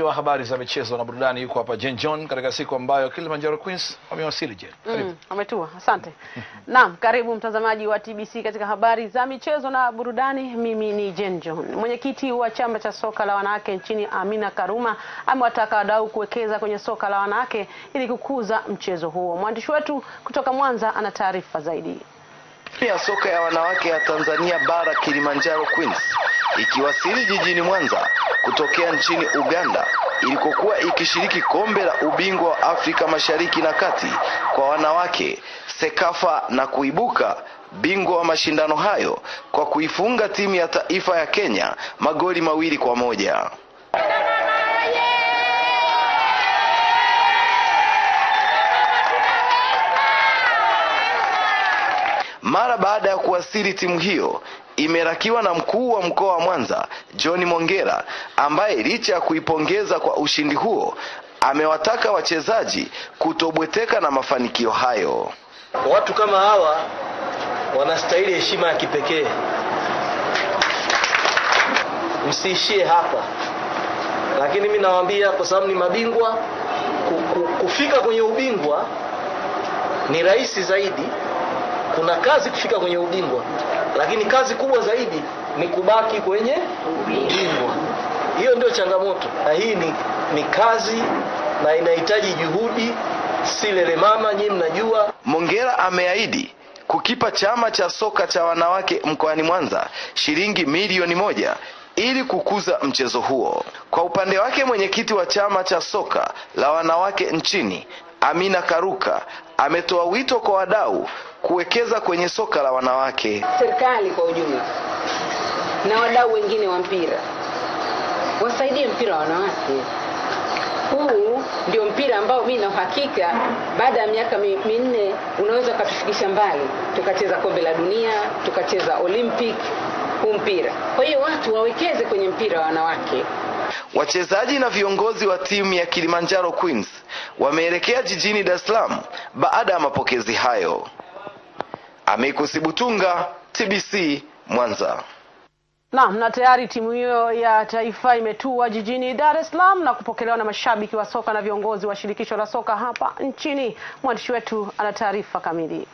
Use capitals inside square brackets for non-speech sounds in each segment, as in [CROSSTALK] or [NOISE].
wa habari za michezo na burudani yuko hapa Jen John katika siku ambayo Kilimanjaro Queens wamewasili. Je, mm, Asante. [LAUGHS] Naam, karibu mtazamaji wa TBC katika habari za michezo na burudani. Mimi ni Jen John. Mwenyekiti wa chama cha soka la wanawake nchini Amina Karuma amewataka wadau kuwekeza kwenye soka la wanawake ili kukuza mchezo huo. Mwandishi wetu kutoka Mwanza ana taarifa zaidi ya soka ya wanawake ya Tanzania bara Kilimanjaro Queens ikiwasili jijini Mwanza kutokea nchini Uganda ilikokuwa ikishiriki kombe la ubingwa wa Afrika Mashariki na Kati kwa wanawake Sekafa na kuibuka bingwa wa mashindano hayo kwa kuifunga timu ya taifa ya Kenya magoli mawili kwa moja. Mara baada ya kuwasili, timu hiyo imerakiwa na mkuu wa mkoa wa Mwanza John Mongera, ambaye licha ya kuipongeza kwa ushindi huo amewataka wachezaji kutobweteka na mafanikio hayo. Watu kama hawa wanastahili heshima ya kipekee. Msiishie hapa, lakini mi nawaambia kwa sababu ni mabingwa, kufika kwenye ubingwa ni rahisi zaidi kuna kazi kufika kwenye ubingwa, lakini kazi kubwa zaidi ni kubaki kwenye ubingwa. Hiyo ndio changamoto, na hii ni, ni kazi na inahitaji juhudi, si lelemama. Nyinyi mnajua. Mongera ameahidi kukipa chama cha soka cha wanawake mkoani Mwanza shilingi milioni moja ili kukuza mchezo huo. Kwa upande wake, mwenyekiti wa chama cha soka la wanawake nchini Amina Karuka ametoa wito kwa wadau kuwekeza kwenye soka la wanawake. Serikali kwa ujumla na wadau wengine wa mpira wasaidie mpira wa wanawake. Huu ndio mpira ambao mimi na uhakika baada ya miaka minne unaweza ukatufikisha mbali, tukacheza kombe la dunia, tukacheza Olympic huu mpira. Kwa hiyo watu wawekeze kwenye mpira wa wanawake. Wachezaji na viongozi wa timu ya Kilimanjaro Queens wameelekea jijini Dar es Salaam baada ya mapokezi hayo. Amikus sibutunga TBC Mwanza. Naam, na tayari timu hiyo ya taifa imetua jijini Dar es Salaam na kupokelewa na mashabiki wa soka na viongozi wa shirikisho la soka hapa nchini. Mwandishi wetu ana taarifa kamili.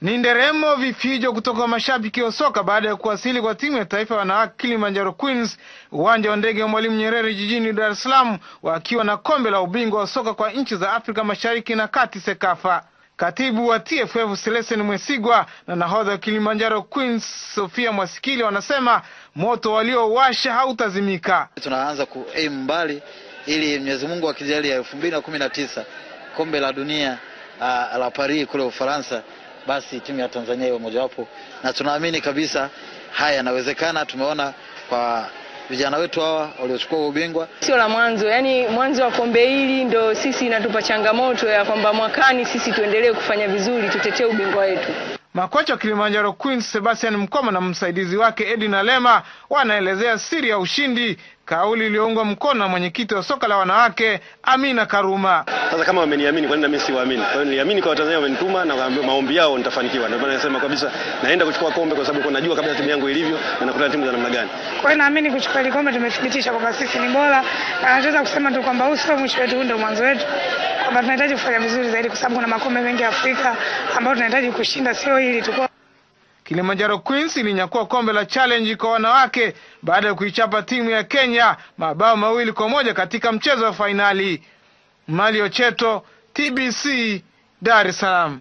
Ni nderemo vifijo kutoka mashabiki wa soka baada ya kuwasili kwa timu ya taifa ya wanawake Kilimanjaro Queens uwanja wa ndege wa Mwalimu Nyerere jijini Dar es Salaam, wakiwa na kombe la ubingwa wa soka kwa nchi za Afrika Mashariki na Kati, Sekafa. Katibu wa TFF Selesen Mwesigwa na nahodha wa Kilimanjaro Queens Sofia Mwasikili wanasema moto waliowasha hautazimika. Tunaanza ku aim mbali ili Mwenyezi Mungu akijalia elfu mbili na kumi na tisa kombe la dunia uh, la Paris kule Ufaransa basi timu ya Tanzania iwe mojawapo, na tunaamini kabisa haya yanawezekana. Tumeona kwa vijana wetu hawa waliochukua ubingwa, sio la mwanzo, yani mwanzo wa kombe hili ndo sisi inatupa changamoto ya kwamba mwakani sisi tuendelee kufanya vizuri, tutetee ubingwa wetu. Makocha wa Kilimanjaro Queens Sebastian Mkoma na msaidizi wake Edina Lema wanaelezea siri ya ushindi, kauli iliyoungwa mkono na mwenyekiti wa soka la wanawake Amina Karuma. Sasa kama wameniamini, kwa nini mimi siwaamini? Kwa nini niliamini kwa Watanzania wamenituma na maombi yao nitafanikiwa. Ndio maana nasema kabisa naenda kuchukua kombe, kwa sababu najua kabisa timu yangu ilivyo na nakutana timu za namna gani. Kwa hiyo naamini kuchukua kombe, tumethibitisha kwamba sisi ni bora, na ah, kusema tu kwamba huu sio mwisho wetu, huu ndio mwanzo wetu kwamba tunahitaji kufanya vizuri zaidi, kwa sababu kuna makombe mengi ya Afrika ambayo tunahitaji kushinda, sio hili tu. Kilimanjaro Queens ilinyakua kombe la challenge kwa wanawake baada ya kuichapa timu ya Kenya mabao mawili kwa moja katika mchezo wa fainali. Mali Ocheto, TBC, Dar es Salaam.